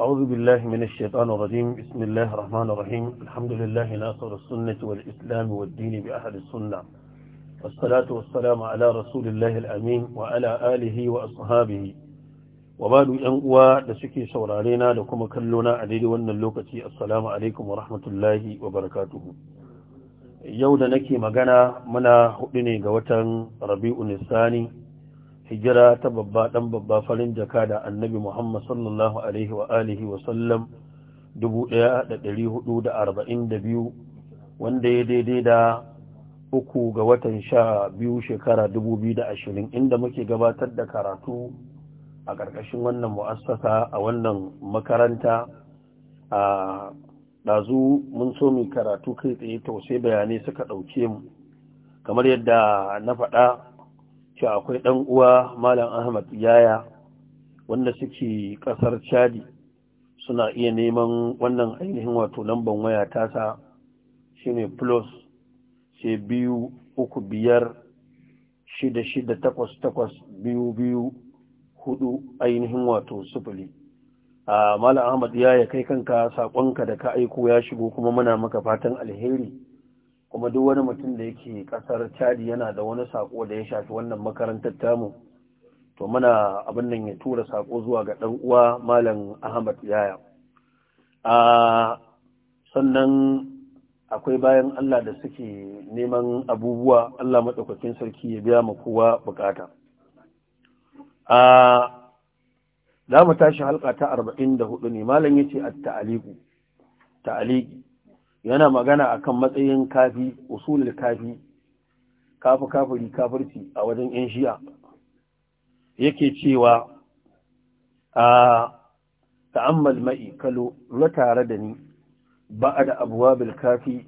أعوذ بالله من الشيطان الرجيم بسم الله الرحمن الرحيم الحمد لله ناصر السنة والإسلام والدين بأهل السنة والصلاة والسلام على رسول الله الأمين وعلى آله وأصحابه وبعد ينقوى لسكي سورارينا لكم كلنا عديد وأن اللوكة السلام عليكم ورحمة الله وبركاته يود نكي مغانا منا هؤلني قوة ربيع الثاني hijira ta babba dan babba farin jaka da annabi Muhammad sallallahu alaihi wa alihi wa sallam 1442 wanda ya daidai da uku ga watan sha biyu shekara 2020 inda muke gabatar da karatu a ƙarƙashin wannan mu'assasa a wannan makaranta a ɗazu mun so mu karatu kai tsaye to sai bayanai suka ɗauke mu kamar yadda na faɗa ce akwai ɗan uwa malam ahmad yaya wanda suke ƙasar chadi suna iya neman wannan ainihin wato lamban waya tasa shine plus sai biyu uku biyar shida shida takwas takwas biyu biyu hudu ainihin wato sufuli a ah, malam ahmad yaya kai kanka saƙonka da ka aiko ya shigo kuma muna maka fatan alheri kuma duk wani mutum da yake kasar chadi yana da wani sako da ya shafi wannan makarantar tamu to muna abin nan ya tura sako zuwa ga dan uwa malam ahmad yaya a sannan akwai bayan allah da suke neman abubuwa allah maɗaukakin sarki ya biya ma kowa bukata a za mu tashi halka ta arba'in da hudu ne malam ya ce a ta'aliku yana magana akan matsayin kafi usulul kafi kafi kafiri kafirci a wajen yan shi'a yake cewa a ta'ammal ma'i kalo na tare da ni ba da abuwa kafi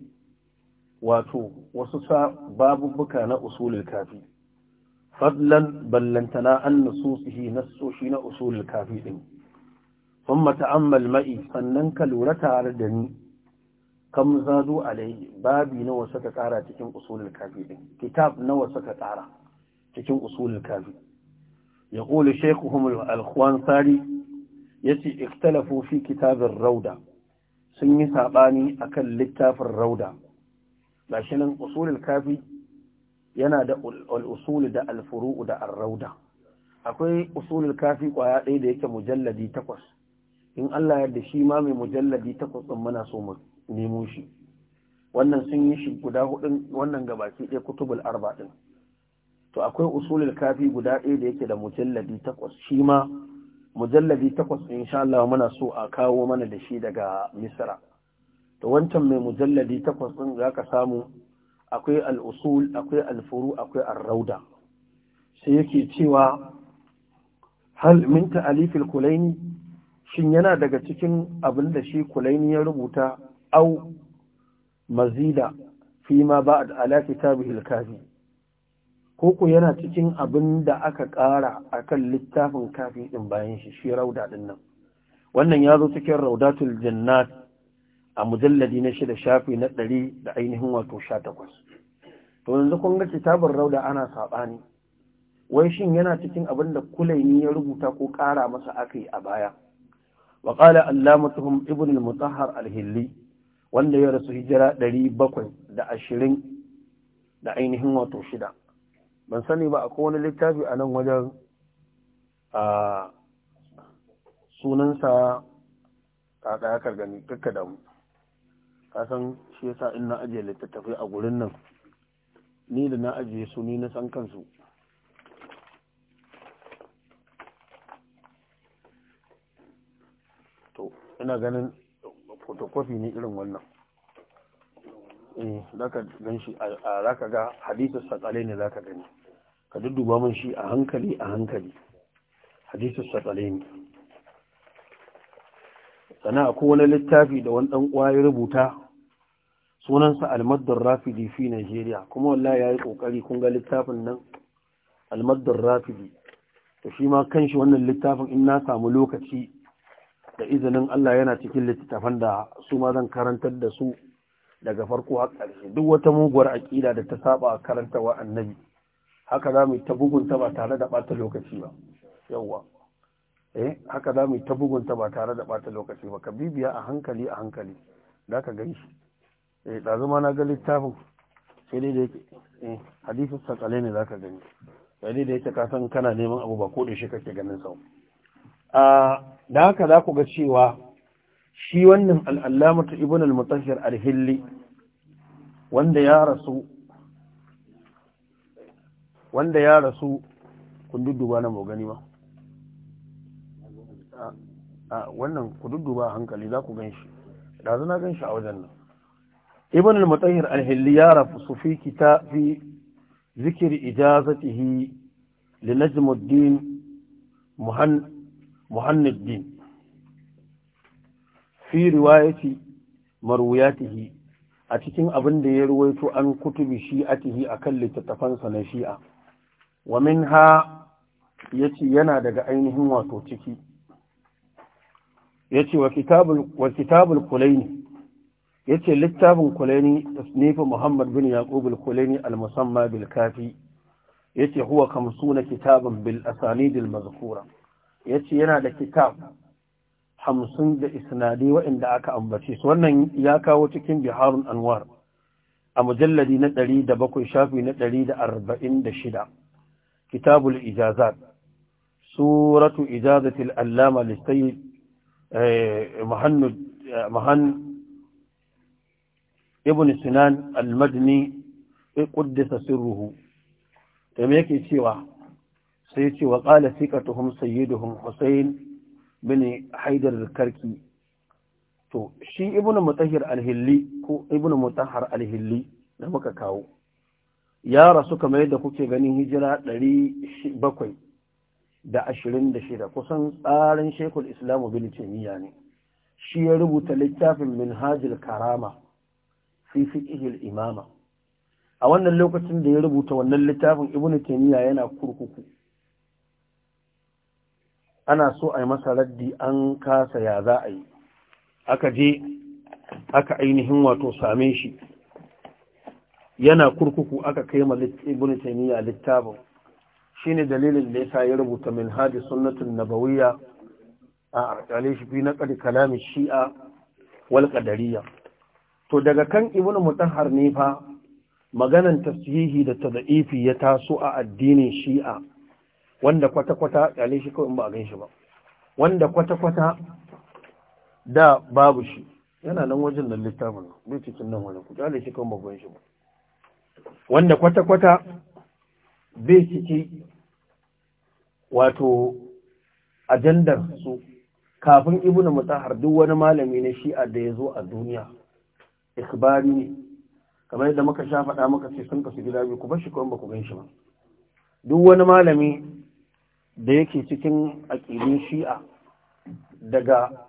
wato wasu sa babubuka na usulul kafi fadlan ballantana an nususihi nassoshi na usulul kafi din ثم ta'ammal ma'i sannan ka lura tare da ni kam zadu alaihi babi nawa suka tsara cikin usulul kafi din kitab nawa suka tsara cikin usulul kafi ya qulu shaykhuhum al-ikhwan sari yace ikhtalafu fi kitabir rauda sun yi sabani akan littafin rauda gashi nan usulul kafi yana da al-usul da al-furu' da ar-rauda akwai usulul kafi kwaya ɗaya da yake mujalladi takwas in Allah ya yarda shi ma mai mujalladi takwas din muna so mu nemo shi wannan sun yi shi guda hudun wannan gabaki ɗaya kutubul arba ɗin to akwai usulul kafi guda ɗaya da yake da mujalladi takwas shi ma mujalladi takwas insha Allah muna so a kawo mana da shi daga misra to wancan mai mujalladi takwas ɗin zaka samu akwai usul akwai alfuru akwai rauda sai yake cewa hal min al kulaini shin yana daga cikin abin da shi kulaini ya rubuta أو مزيدا فيما بعد على كتابه الكافي koko yana cikin abin da aka ƙara akan littafin kafi ɗin bayan shi shi rauda nan wannan ya zo cikin raudatul jannat a mujalladi na shida shafi na ɗari da ainihin wato sha takwas to yanzu kun ga kitabin rauda ana saɓani wai shin yana cikin abin da Kulai kulaini ya rubuta ko ƙara masa aka yi a baya wa ƙala allamatuhum ibn al al-hilli wanda ya rasu hijira ɗari bakwai da ashirin da ainihin wato shida ban sani ba akwai wani littafi a nan wajen a sunansa ta ɗaya gani kakka da mu kasan shi yasa in na ajiye littattafai a gurin nan ni da na ajiye su ni na san kansu to ina ganin fotokofi ne irin wannan eh zaka gan shi a zaka ga hadisu sakale ne zaka gani ka dudduba mun shi a hankali a hankali hadisu sakale ne sana wani littafi da wani dan uwa ya rubuta sunansa Almadar rafidi fi Najeriya kuma wallahi yayi kokari kun ga littafin nan Almadar rafidi to shi ma kanshi wannan littafin in na samu lokaci da izinin Allah yana cikin littattafan da su ma zan karantar da su daga farko har ƙarshe duk wata muguwar aƙida da ta saba karanta wa annabi haka za mu ta bugunta ba tare da ɓata lokaci ba yawwa eh haka za mu ta bugunta ba tare da ɓata lokaci ba ka bibiya a hankali a hankali da ka gani shi eh ɗazu ma na ga littafin sai dai da yake eh hadisin sakale ne za ka gani sai dai da yake ka san kana neman abu ba ko da shi kake ganin sau da haka za ku ga cewa shi wannan al'allamatu ibn al-mutashir al-hilli wanda ya rasu wanda ya rasu kun dudduba na mogani ba a wannan ku dudduba hankali za ku gan shi da zana gan shi a wajen nan ibn al mutashir al-hilli ya rafi su fi kita fi zikir ijazatihi li najmuddin din fi riwayati marwiyatihi a cikin abin da ya ruwaito an kutubi shi'atihi akan littattafansa na shi'a wa min ha ya ce yana daga ainihin wato ciki Ya ce wa kitabul kulaini Ya ce littafin kulaini tasnifu muhammad bin yaqub kulaini al musamman bil kafi yace huwa na kitabin bil asanidil al-mazkura ya ce yana da kitab hamsin da isnadi waɗanda aka ambace su wannan ya kawo cikin biharun anwar a mujalladi na ɗari da bakwai shafi na ɗari da arba'in da shida kitabul ijazat suratu ijazatil allama listai eh, eh, mahan ibn sinan almadni ƙuddisa sirruhu da me yake cewa sai ce wa qala thiqatuhum sayyiduhum husayn bin haidar karki to shi ibnu mutahhir al-hilli ko ibnu mutahhar al-hilli da muka kawo ya rasu kamar yadda kuke ganin hijira ɗari bakwai da ashirin da shida kusan tsarin shekul islamu bin taimiyya ne shi ya rubuta littafin minhajil karama fi fiqhil imama a wannan lokacin da ya rubuta wannan littafin ibnu taimiyya yana kurkuku ana so a yi masa raddi an kasa ya za a yi aka je aka ainihin wato same shi yana kurkuku aka kai ma ibn taymiya littafin shine dalilin da yasa ya rubuta minhaj sunnatun nabawiyya a arkale shi fi naqd kalamin shi'a wal qadariyya to daga kan ibn mutahhar ne fa maganan tafsihi da tada'ifi ya taso a addinin shi'a wanda kwata-kwata kyale shi kawai ba a gan shi ba wanda kwata-kwata da babu shi yana nan wajen nan littafin bai cikin nan wani ku kyale shi kawai ba gan shi ba wanda kwata-kwata bai ciki wato ajandar su kafin ibnu mutahar duk wani malami na shi'a da ya zo a duniya ikbari ne kamar yadda muka sha faɗa muka ce sun kasu gida biyu ku bar shi kawai ba ku gan shi ba duk wani malami da yake cikin aƙidun shi'a daga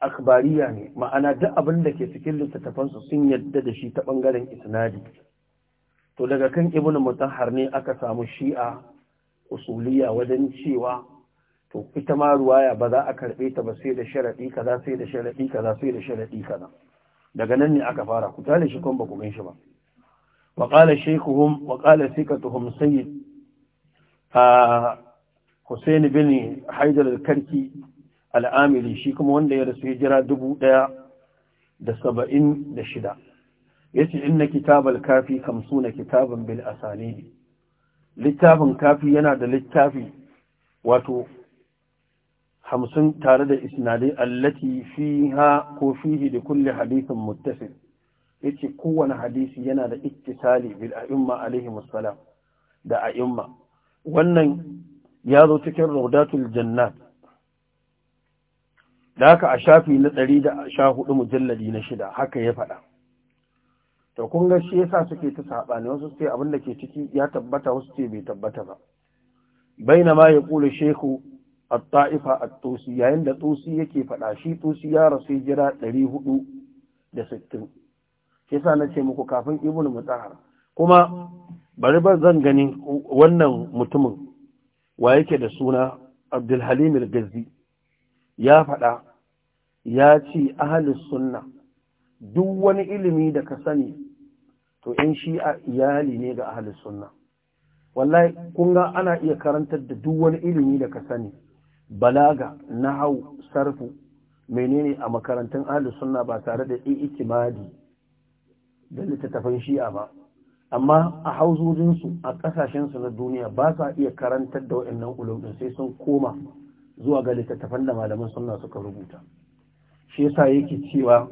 akbariya ne ma'ana duk abin da ke cikin littattafansu sun yadda da shi ta ɓangaren isnadi to daga kan ibn mutahhar ne aka samu shi'a usuliya wajen cewa to ita ma ruwaya ba za a karɓe ta ba sai da sharaɗi kaza sai da sharaɗi kaza sai da sharaɗi kaza daga nan ne aka fara ku tare shi kun ba ku gan shi ba wa qala shaykhuhum wa qala thiqatuhum sayyid ah, Hussaini bin Haidar karki al'amiri shi kuma wanda ya rasu hijira dubu ɗaya da saba'in da shida ya ce inna kitabal kafi kamsu na kitabin bil asani littafin kafi yana da littafi wato hamsin tare da isnadai allati fiha ko fihi da kulle hadisin muttasil ya ce kowane hadisi yana da ittisali bil a'imma alaihi musallam da a'imma wannan ya zo cikin raudatul jannat da haka a shafi na ɗari da sha hudu mujalladi na shida haka ya faɗa to kun ga shi yasa suke ta saɓani wasu ce abin da ke ciki ya tabbata wasu ce bai tabbata ba bai na ma ya kula shehu a taifa a tusi yayin da tusi yake faɗa shi tusi ya rasu jira ɗari hudu da sittin shi yasa na ce muku kafin ibnu mutahar kuma bari ba zan gani wannan mutumin wa yake da suna abdulhalim al-gazi ya faɗa ya ce ahli sunna duk wani ilimi da ka sani to ‘yan shi'a iyali ne ga ahalus sunna wallahi kunga ana iya karantar da duk wani ilimi da ka sani balaga na hau sarfu menene a makarantun ahalus sunna ba tare da ikimadi da littattafan shi'a ba amma a hauzojinsu a ƙasashensu na duniya ba sa iya karantar da waɗannan ulum sai sun koma zuwa ga littattafan da malaman sunna suka rubuta shi yasa yake cewa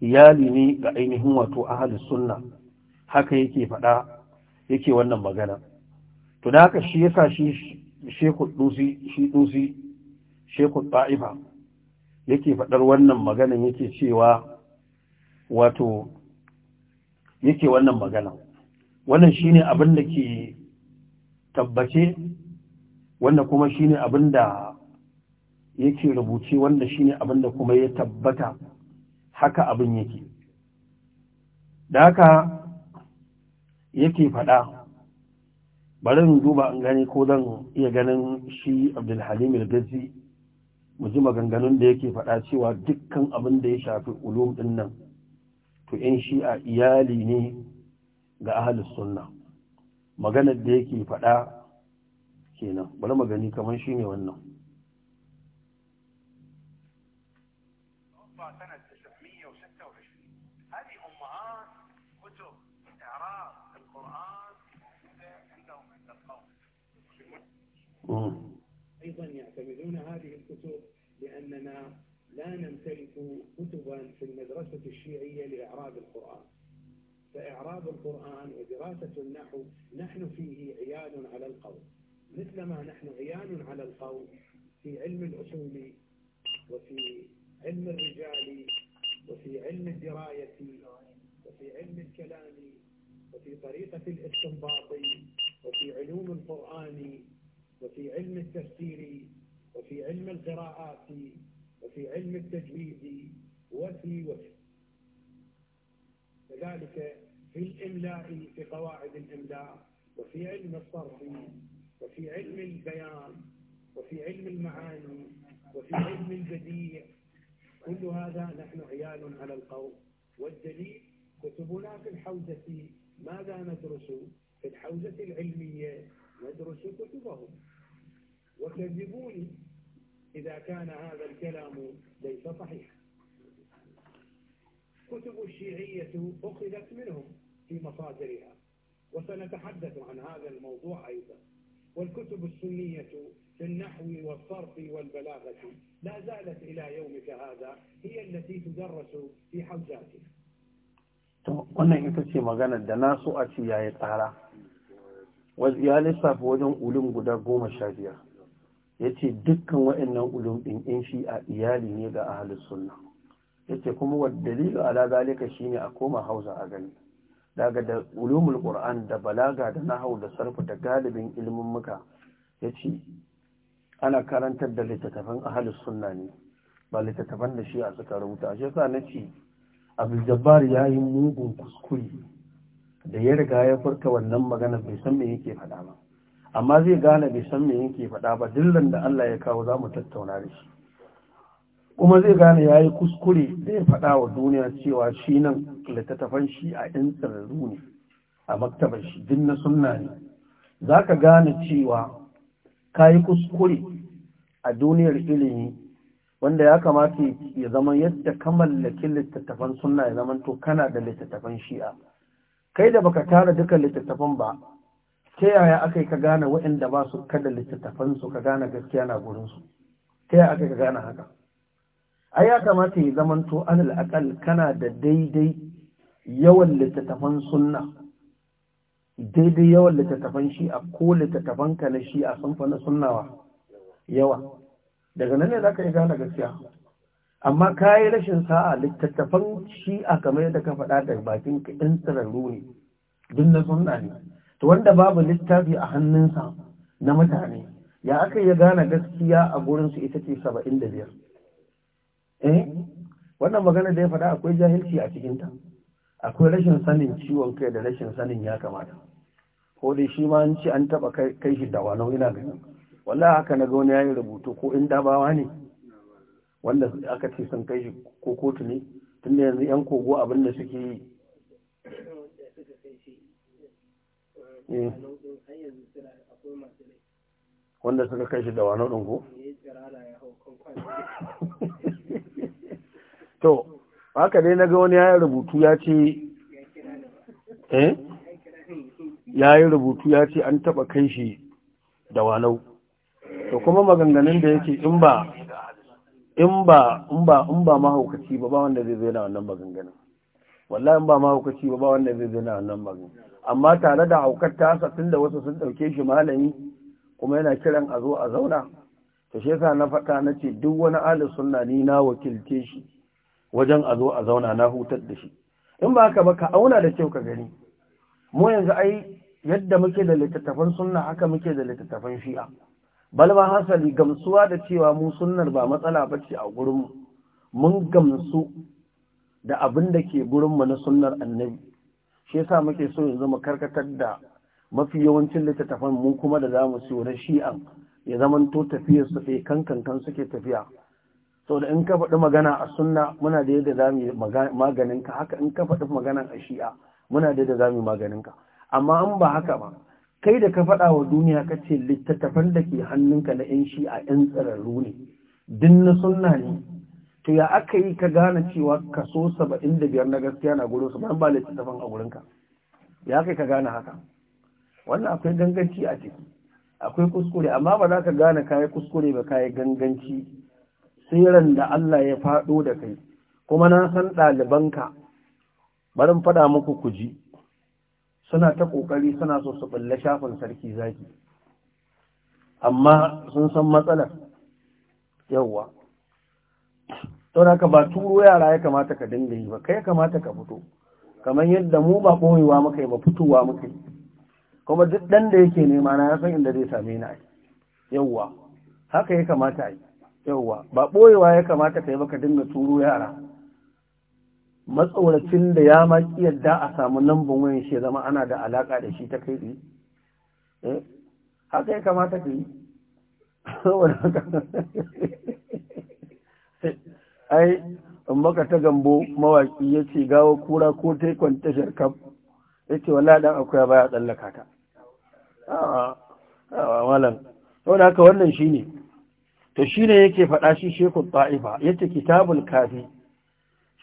iyali ne ga ainihin wato ahlus sunna haka yake faɗa yake wannan magana to da haka shi yasa shi shekul dusi shi dusi shekul ta'ifa yake faɗar wannan maganan yake cewa wato yake wannan magana wannan ne abin da ke tabbace wanda kuma shi abin da yake rubuce wanda ne abin da kuma ya tabbata haka abin yake da haka yake faɗa bari in duba an gani ko zan iya ganin shi abdulhalim ilgazi mu ji maganganun da yake faɗa cewa dukkan abin da ya shafi ulum din nan to 'yan shi'a iyali ne ga ahalus sunna maganar da yake fada kenan bari magani kaman shine wannan أيضا يعتمدون هذه الكتب لأننا لا نمتلك كتبا في المدرسة الشيعية لإعراب القرآن فإعراب القرآن ودراسة النحو نحن فيه عيان على القول مثلما نحن عيان على القول في علم الأصول وفي علم الرجال وفي علم الدراية وفي علم الكلام وفي طريقة الاستنباط وفي علوم القرآن وفي علم التفسير وفي علم القراءات وفي علم التجويد وفي وفي كذلك في الإملاء في قواعد الإملاء وفي علم الصرف وفي علم البيان وفي علم المعاني وفي علم البديع كل هذا نحن عيال على القوم والدليل كتبنا في الحوزة ماذا ندرس في الحوزة العلمية ندرس كتبهم وكذبوني إذا كان هذا الكلام ليس صحيحا كتب الشيعية أخذت منهم في مصادرها وسنتحدث عن هذا الموضوع أيضا والكتب السنية في النحو والصرف والبلاغة لا زالت إلى يومك هذا هي التي تدرس في حوزاتك wannan ita ce maganar da na so a ce ya yi tsara ya lissafa wajen ulum guda goma sha biyar ya ce dukkan waɗannan ulum ɗin in shi a iyali ne ga ahalus sunna yake kuma wa dalilu ala zalika shine a koma hausa a gani daga da ulumul qur'an da balaga da nahwu da sarfu da galibin ilmin muka yace ana karantar da littattafan ahlus sunna ne ba littafan da shi a suka rubuta shi yasa nace abul jabbar yayi mugun kuskure da ya riga ya furta wannan magana bai san me yake faɗa ba amma zai gane bai san me yake faɗa ba dillan da Allah ya kawo zamu tattauna da shi kuma zai gane ya yi kuskure da ya faɗa wa duniya cewa shi nan littattafan shi a ɗin tsararru ne a maktabar shi din na sunna ne za ka gane cewa ka yi kuskure a duniyar ilimi wanda ya kamata ya zama yadda ka mallaki littattafan suna ya zama to kana da littattafan shi'a kai da baka tara duka littattafan ba ta yaya aka yi ka gane waɗanda ba su kada littattafan su ka gane gaskiya na gurinsu ta yaya aka yi ka gane haka ai ya kamata ya zamanto alal akal kana da daidai yawan littattafan sunna daidai yawan littattafan shi'a ko littattafan ka na shi'a a sunfa na sunnawa yawa daga nan ne za ka yi gane gaskiya amma ka yi rashin sa'a littattafan a kamar yadda ka faɗa da bakin ka tsirarru ne duk na sunna ne to wanda babu littafi a hannunsa na mutane ya aka yi gane gaskiya a gurinsu ita ce saba'in da biyar eh wannan magana da ya faɗa akwai jahilci a cikinta akwai rashin sanin ciwon kai da rashin sanin ya kamata ko dai shi ma an ci an taɓa kai shi da wano ina ganin wallahi haka na ga wani yayi rubutu ko in dabawa ne wanda aka ce sun kai shi ko kotu ne tunda yanzu yan kogo abin da suke yi eh. wanda suka kai shi da wani ɗin to haka dai na ga wani ya rubutu ya ce eh ya yi rubutu ya ce an taɓa kai shi da walau, to kuma maganganun da yake in ba in ba in ba in ba mahaukaci ba ba wanda zai zai na wannan maganganun wallahi in ba mahaukaci ba ba wanda zai zai na wannan maganganun amma tare da haukar tasa tunda wasu sun ɗauke shi malami kuma yana kiran a zo a zauna ta shi yasa na faɗa na ce duk wani ahli sunna ni na wakilce shi wajen a zo a zauna na hutar da shi in ba haka ba ka auna da kyau ka gani mu yanzu ai yadda muke da littattafan sunna haka muke da littattafan shi'a balma hasali gamsuwa da cewa mu sunnar ba matsala ba ce a gurinmu mun gamsu da abin da ke mu na sunnar annabi shi yasa muke so yanzu mu karkatar da mafi yawancin littattafan mu kuma da zamu siyo na shi'an ya zaman to tafiyar su ɗai kankankan suke tafiya sau da in ka faɗi magana a sunna muna da yadda za mu maganin ka haka in ka faɗi magana a shi'a muna da yadda za mu maganin ka amma an ba haka ba kai da ka faɗa wa duniya ka ce littattafan da ke hannunka na yan shi'a yan tsararru ne din na sunna ne to ya aka yi ka gane cewa kaso saba'in da biyar na gaskiya na gurin su ban ba littattafan a gurinka ya kai ka gane haka wannan akwai ganganci a ciki akwai kuskure amma ba za ka gane kayi kuskure ba kayi ganganci siran da Allah ya faɗo da kai kuma na san ɗalibanka barin faɗa muku ji suna ta ƙoƙari suna so su ɓulla shafin sarki zaki amma sun san matsalar yawwa don haka ba turo yara ya kamata ka dinga yi ba kai kamata ka fito kamar yadda mu ba ɓoyewa muka yi ba fitowa muka yi kuma duk ɗan da yake nema na ya san inda zai same ni ai yawwa haka ya kamata ai yawwa ba ɓoyewa ya kamata ka yi baka dinga turo yara matsauracin da ya ma yadda a samu lambun wayan shi zama ana da alaka da shi ta kai eh, haka ya kamata ka yi ai in baka ta gambo mawaki ya ce gawa kura ko ta yi kwanta sharkar yace wallahi dan akwai baya tsallaka ka. A a'a haka wannan shine to shi ne yake faɗa shi sheku ta'ifa yace kitabul kafi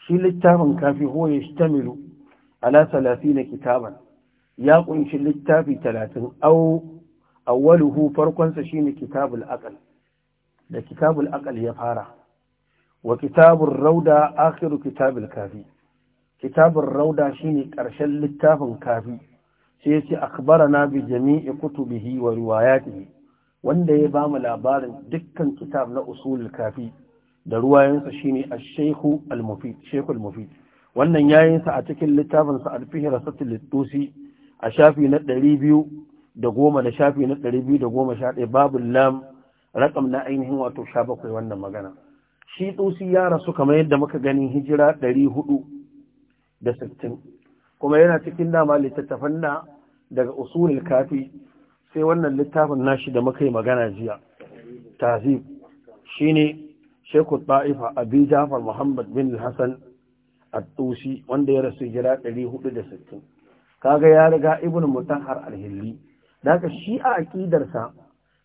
shi littafin kafi ho ya shtamilu ala na kitaban ya kunshi littafi talatin au awwaluhu farkonsa shine kitabul akal. da kitabul aqal ya fara wa kitabur rauda akhiru kitabul kafi kitabun rauda shine ƙarshen littafin kafi sai yace akhbarana bi jami'i kutubihi wa riwayatihi wanda ya bamu labarin dukkan kitab na usulul kafi da ruwayansa shine ash-shaykhu al-mufid shaykhul mufid wannan yayin sa a cikin littafin sa al-fihra satil tusi a shafi na 200 da goma da shafi na 211 babul lam rakam na ainihin wato bakwai wannan magana shi tusi ya rasu kamar yadda muka gani hijira 400 da sittin kuma yana cikin dama littattafan na daga usulul kafi sai wannan littafin nashi da muka yi magana jiya tazib shine Sheikh Ta'ifa Abi Jafar Muhammad bin Hassan At-Tusi wanda ya rasu jira 460 kaga ya riga Ibn Mutahhar Al-Hilli daga shi a aqidarsa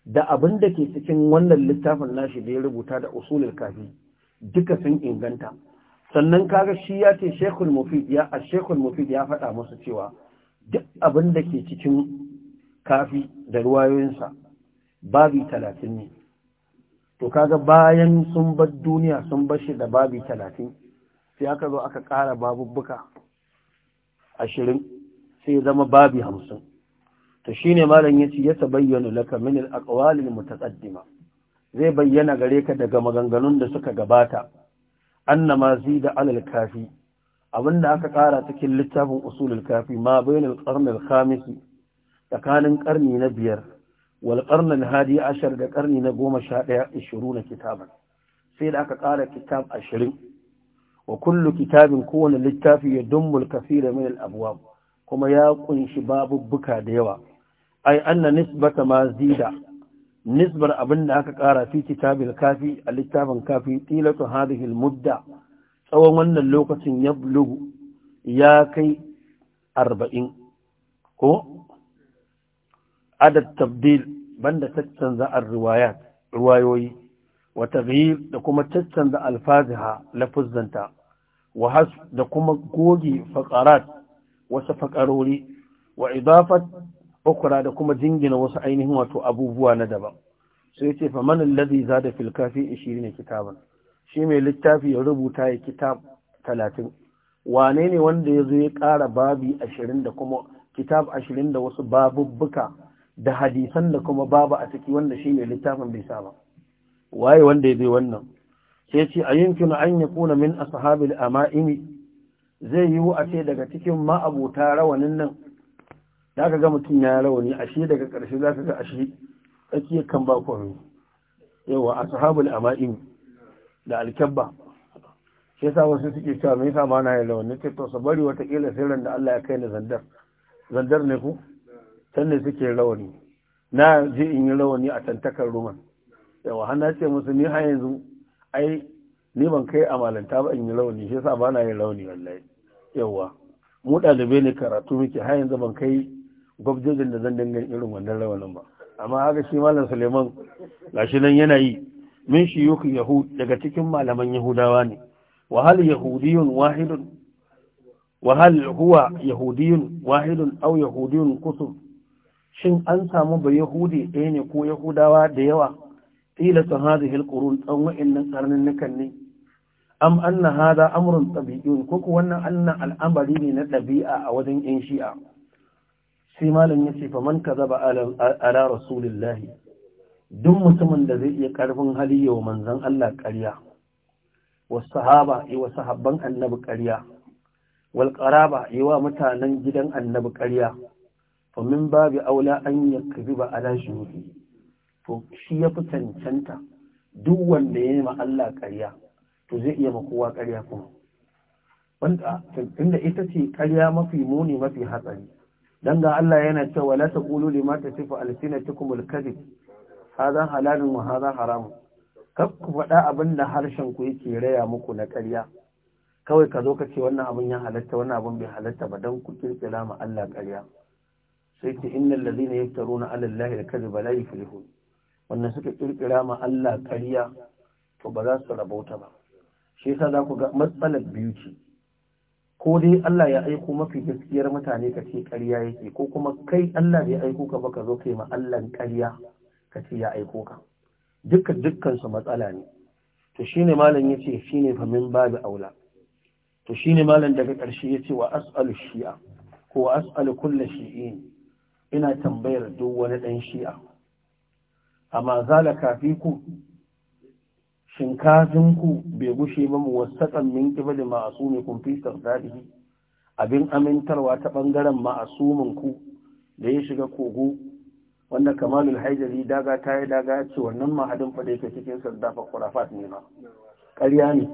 da abin da ke cikin wannan littafin nashi da ya rubuta da usulul kafi duka sun inganta sannan kaga shi ya ce shekul mufid ya a shekul mufid ya faɗa masa cewa duk abin da ke cikin kafi da ruwayoyinsa babi talatin ne to kaga bayan sun bar duniya sun bar shi da babi talatin sai aka zo aka ƙara babubbuka ashirin sai ya zama babi hamsin to shine malam ya ce ya tabayyana laka min al-aqwalil mutaqaddima zai bayyana gare ka daga maganganun da suka gabata annama zida alal kafi abinda aka kara cikin littafin usulul kafi ma bainal qarn al khamis tsakanin karni na biyar wal qarn hadi ashar da karni na 11 20 kitaban sai da aka kara kitab ashirin, wa kullu kitabin kowane littafi yadummul kaseera min al abwab kuma ya kunshi babubbuka da yawa ai anna nisbata ma zida nisbar abin da aka kara fi kitabil kafi a littafin kafi tilatu hadhihi mudda tsawon wannan lokacin ya bulugu ya kai arba'in ko adad tabdil banda tattanza ar-riwayat riwayoyi wa taghyir da kuma tattanza alfaziha lafuzzanta wa has da kuma goge faqarat wasu faqarori wa idafat ukura da kuma jingina wasu ainihin wato abubuwa na daban sai ce fa man alladhi zada fil kafi 20 kitaban shi mai littafi ya rubuta ya kitab 30 wane ne wanda yazo ya ƙara babi 20 da kuma kitab 20 da wasu babubbuka da hadisan da kuma babu a ciki wanda shi mai littafin bai saba waye wanda yazo wannan sai ce ayyunkinu an kuna min ashabil ama'imi zai yiwu a ce daga cikin ma'abuta rawanin nan da aka ga mutum ya rauni a shi daga ƙarshe za ka ga shi tsakiyar kan bakon yawa a sahabul ama'in da alkyabba shi sa wasu suke cewa mai sa ma na yi rauni ta to su bari watakila sirrin da Allah ya kai ni zandar zandar ne ku can ne suke rauni na je in yi rauni a tantakar ruman yawa har na ce musu ni har yanzu ai ni ban kai amalanta ba in yi rauni shi sa ba na yin rauni wallahi yawa mu ɗalibai ne karatu muke har yanzu ban kai gwabjojin da zan dinga irin wannan rawanin ba amma haka shi malam suleiman gashi nan yana yi min yuki yahud daga cikin malaman yahudawa ne Wahal yahudiyun wahidun wahal huwa yahudiyun wahidun au yahudiyun kusur shin an samu ba yahudi ɗaya ne ko yahudawa da yawa قيلة هذه القرون أو إن قرن نكني أم أن هذا أمر Wannan na al'amari ne na ɗabi'a a wajen 'yan Shi'a. sai malam ya ce fa man kazaba ala rasulillahi duk mutumin da zai iya karfin hali yau manzon Allah ƙarya wa sahaba yi wa sahabban annabi ƙarya wal qaraba yi wa mutanen gidan annabi ƙarya fa min babu aula an yakziba ala shuhudi to shi ya fi cancanta duk wanda ya yi ma Allah ƙarya to zai iya ma kowa ƙarya kuma wanda inda ita ce ƙarya mafi muni mafi hatsari dan ga Allah yana cewa la taqulu lima tasifu alsinatukum alkadhib hadha halalin wa hadha haram kaf ku faɗa abin da harshen ku yake raya muku na ƙarya kawai ka zo ka ce wannan abin ya halatta wannan abin bai halatta ba dan ku kirkira ma Allah ƙarya sai ce innal ladhina yaftaruna ala allahi alkadhiba la yuflihun wannan suka kirkira ma Allah ƙarya to ba za su rabauta ba shi yasa za ku ga matsalar biyu ce ko dai Allah ya aiko mafi gaskiyar mutane ka ce ƙarya yake ko kuma kai Allah da ya aiko ka baka zo kai ma Allah ƙarya ka ce ya aiko ka dukka dukkan su matsala ne to shine malam yace shine fa min babu aula to shine malam daga ƙarshe yace wa as'alu shi'a ko wa as'alu kulli shi'in ina tambayar duk wani dan shi'a amma zalaka fiku shinkazinku bai gushe ba mu wasaƙan min ƙibali ma'asu ne kun fi abin amintarwa ta ɓangaren ma'asumin ku da ya shiga kogo wanda kamalul haidari daga ta yi daga ce wannan mahadin fa yake cikin sardafa kurafat ne ma ƙarya ne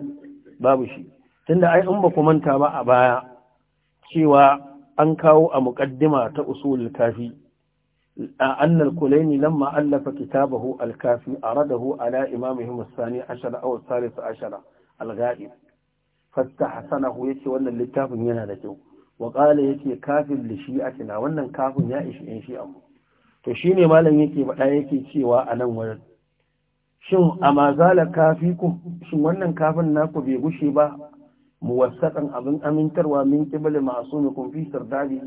babu shi tunda ai in ba ku manta ba a baya cewa an kawo a muƙaddima ta usulul kafi أن الكليني لما ألف كتابه الكافي أرده على إمامهم الثاني عشر أو الثالث عشر الغائب فاستحسنه يتي وأن الكتاب ينالته وقال يتي كاف لشيئتنا وأن كاف يائش إن شيئا تشيني ما لن يتي بأيكي سوى أنا ولد shin a mazala kafi ku shin wannan kafin naku bai gushe ba muwassaqan abin amintarwa min qibli ma'sumikum fi sirdabi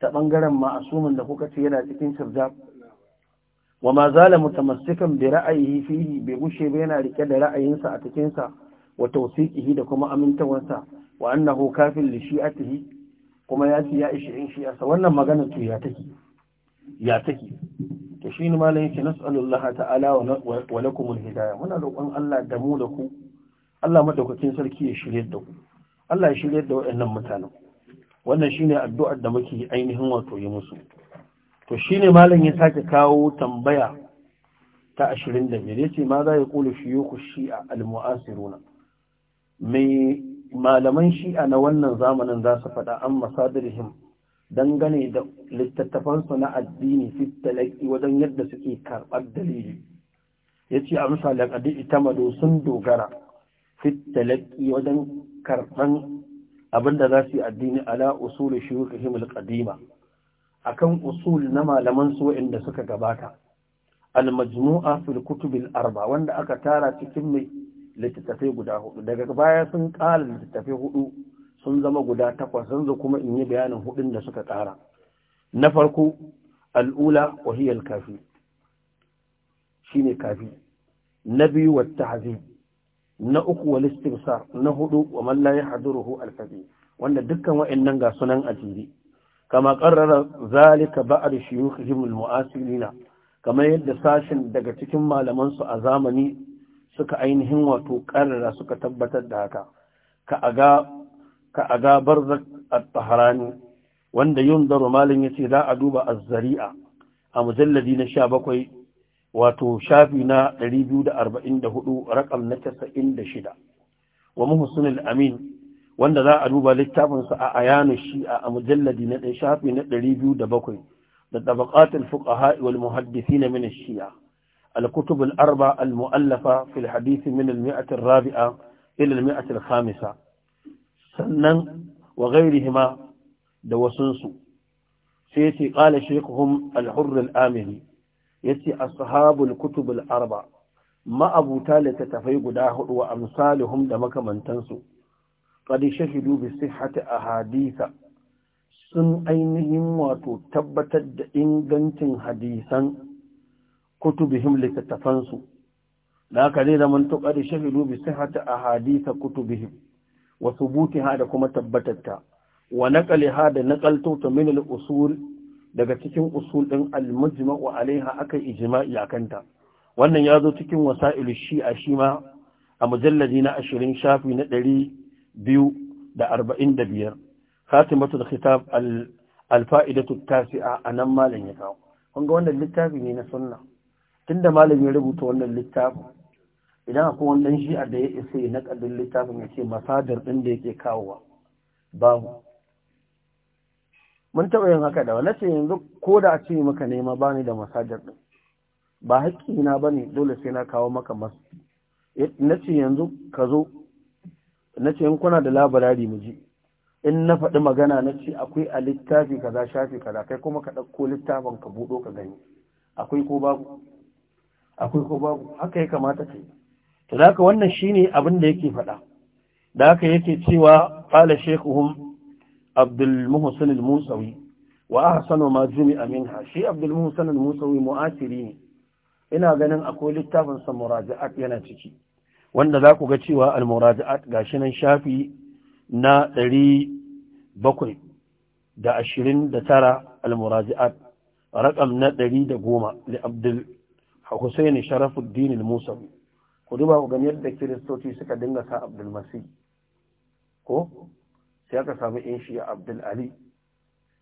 ta bangaren ma'asumin da kuka ce yana cikin shirja wa ma zala mutamassikan bi ra'ayihi fihi bai gushe ba yana rike da ra'ayinsa a cikin sa wa tawsiqihi da kuma amintawarsa wa annahu kafin li shi'atihi kuma ya ci ya ishi in shi'arsa wannan magana to ya take ya take to shi ne malamin ki nas'alullaha ta'ala wa al hidayah muna roƙon Allah da mu da ku Allah madaukakin sarki ya shirye da ku Allah ya shirye da waɗannan mutanen ku. wannan shine addu'ar da muke ainihin wato yi musu to shine malam ya sake kawo tambaya ta ashirin da 25 yace ma za ya kula ku shi'a almu'asiruna mai malaman shi'a na wannan zamanin za su faɗa an masadirihim dangane da littattafansu na addini fi talaki wajen yadda suke karɓar dalili yace a misali kadi itamado sun dogara fi talaki wajen karɓar. abinda za su yi addini ala usul shuyukhihim al-qadima akan usul na malaman su waɗanda suka gabata al-majmu'a fil kutub al-arba wanda aka tara cikin mai littattafai guda hudu daga baya sun ƙara littattafai hudu sun zama guda takwas yanzu kuma in yi bayanin hudun da suka ƙara na farko al'ula wahiyar kafi shine kafi na biyu wata hazib na uku wal istimsar na hudu wa man la yahduruhu al wanda dukkan wa'annan ga sunan ajiri kama qarrara zalika ba'd shuyukhihim al kamar yadda sashin daga cikin malaman su a zamani suka ainihin wato qarrara suka tabbatar da haka ka aga ka aga barzak at-tahrani wanda yundaru malin yace za a duba az-zari'a a mujalladi na 17 wato shafi na hudu rakam na shida wa muhsin al-amin wanda za a duba littafin sa a ayanu shi'a a mujalladi na shafi na biyu da tabaqat al-fuqaha wal muhaddithin min ash-shia al-kutub al-arba al-mu'allafa fi al min al rabia ila al-mi'ah khamisa sannan wa ghayrihima da wasun su sai ce qala shaykhuhum al-hurr yace ashabul kutubul arba ma'abuta littattafai guda hudu wa amsaluhum da makamantansu qad shahidu bi sihhati hadisa, sun ainihin wato tabbatar da ingancin hadisan kutubihim littattafansu da haka zai zama tuƙari shahidu bi sihhati ahaditha kutubihim wa ha da kuma tabbatatta wa ha da naqaltu min al-usul daga cikin usul ɗin al alaiha aka ijma'i a kanta wannan ya zo cikin wasa'ilu shi'a shi ma a mujalladi na ashirin shafi na ɗari biyu da arba'in da biyar al-fa'idatu tasi'a a nan malam ya kawo kun ga wannan littafi ne na sunna tunda malam ya rubuta wannan littafin idan akwai wannan shi'a da ya isa ya naƙadin littafin ya ce masadar ɗin da yake kawowa babu mun taɓa yin haka da wani ce yanzu ko da a ce maka nema ba ni da masajar ɗin ba haƙƙina ba ne dole sai na kawo maka masu eh, na ce yanzu ka zo na ce in kuna da labarari mu ji in na faɗi magana na ce akwai a littafi kaza shafi kaza kai kuma ka ɗauko littafin ka buɗo ka gani akwai ko babu akwai ko babu haka ya kamata ka yi to da haka wannan shine abin da yake faɗa da haka yake cewa qala shaykhuhum abdul muhsin al-musawi wa ahsanu ma jumi'a minha shi abdul musawi mu'asiri ne ina ganin akwai littafin sa Muraji'a" yana ciki wanda za ku ga cewa al-murajaat gashi nan shafi na 700 da 29 al-murajaat rakam na 110 li abdul husaini sharafuddin al-musawi ku duba ku ga yadda kiristoci suka dinga sa abdul masih ko sai aka samu in shi abdul ali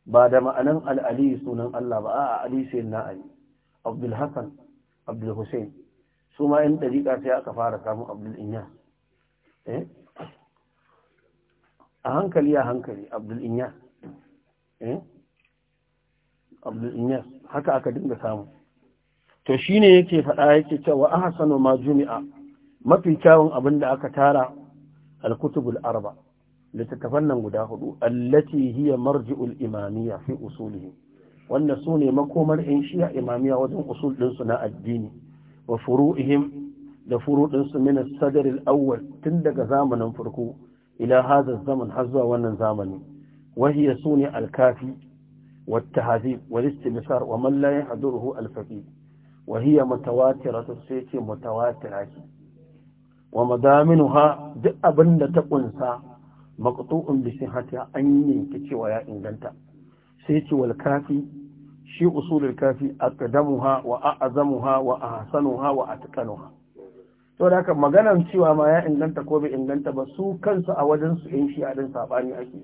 ba da ma'anan al'ali sunan Allah ba a ali sai na ali abdul hassan abdul hussein su ma yan dariƙa sai aka fara samun abdul inya eh? a hankali a hankali abdul inya eh? abdul inya haka aka dinga samu to shine yake faɗa yake cewa ahsanu ma jumi'a mafi kyawun abin da aka tara al-kutubul arba' littattafan nan guda hudu allati hiya marji'ul imamiyya fi usulihi Wannan su ne makomar in shiya imamiyya wajen usul ɗinsu na addini wa furu'ihim da furuɗinsu min as-sadr al-awwal tun daga zamanin farko ila hadha zaman har zuwa wannan zamani wa hiya suni al-kafi wa at-tahdhib wal istimsar wa man la yahduruhu al-faqih wa hiya mutawatiratu sai ce mutawatira wa madaminha duk abinda ta kunsa maqtu'un bi sihhati an yanke cewa ya inganta sai ce wal kafi shi usulul kafi aqdamuha wa a'zamuha wa ahsanuha wa atqanuha to da haka maganar cewa ma ya inganta ko bai inganta ba su kansu a wajen su shi a din sabani ake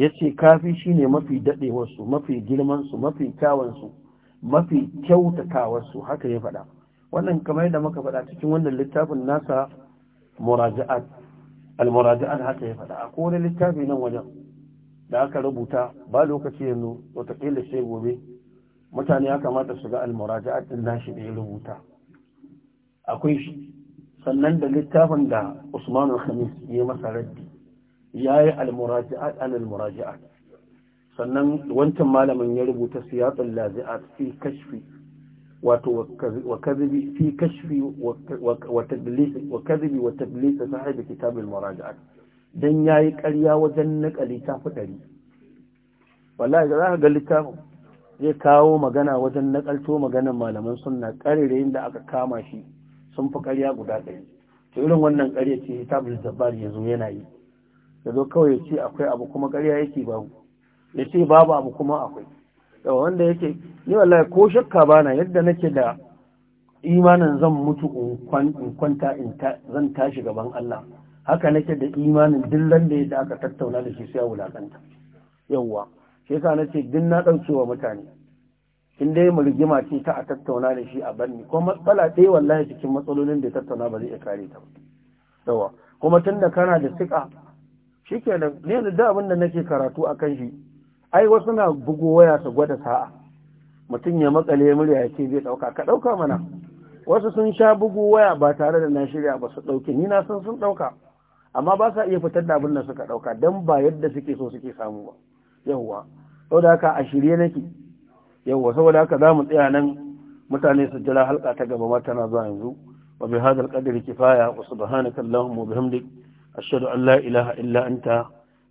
yace kafi shine mafi dadewar su mafi girman su mafi kyawun su mafi kyautatawar su haka ya faɗa wannan kamar yadda muka faɗa cikin wannan littafin nasa murajaat almuradi'an haka ya faɗa a wani littafi nan wajen da aka rubuta ba lokaci yanzu watakila sai gobe mutane ya kamata su ga almuradi'an ɗin nashi da ya rubuta akwai shi sannan da littafin da usmanu khamis ya masa raddi ya yi almuradi'an an sannan wancan malamin ya rubuta siyatul lazi'at fi kashfi wato wa kadhibi fi kashfi wa tadlis wa kadhibi wa tadlis sahibi kitab al-muraja'a dan yayi ƙarya wajen nakali ta fi dari wallahi za ka ga littafin zai kawo magana wajen nakalto maganan malaman sunna ƙarire da aka kama shi sun fi ƙarya guda ɗari to irin wannan ƙarya ce hitabul zabbar yanzu yana yi yazo kawai ya ce akwai abu kuma ƙarya yake babu ya ce babu abu kuma akwai wanda yake ni wallahi ko shakka bana yadda nake da imanin zan mutu in kwanta in zan tashi gaban Allah haka nake da imanin dillan da yadda aka tattauna da shi sai wulakanta yawwa shi yasa nace din na daukewa mutane in dai mu rigima ce ta a tattauna da shi a banni ko matsala ɗaya wallahi cikin matsalolin da tattauna ba zai kare ta ba yawa kuma tunda kana da sika shikenan ne da abin da nake karatu akan shi ai wasu na bugu waya su gwada sa'a mutum ya makale murya ya ce zai ɗauka ka ɗauka mana wasu sun sha bugu waya ba tare da na shirya ba su ɗauke ni na san sun ɗauka amma ba sa iya fitar da abin da suka ɗauka dan ba yadda suke so suke samu ba yawwa saboda haka a shirye nake yawwa saboda haka za mu tsaya nan mutane su jira halka ta gaba ma tana zuwa yanzu wa bi hadal qadri kifaya wa subhanaka allahumma wa bihamdik ashhadu an la ilaha illa anta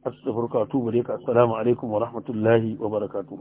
astaghfiruka wa atubu ka assalamu alaikum wa rahmatullahi wa barakatuh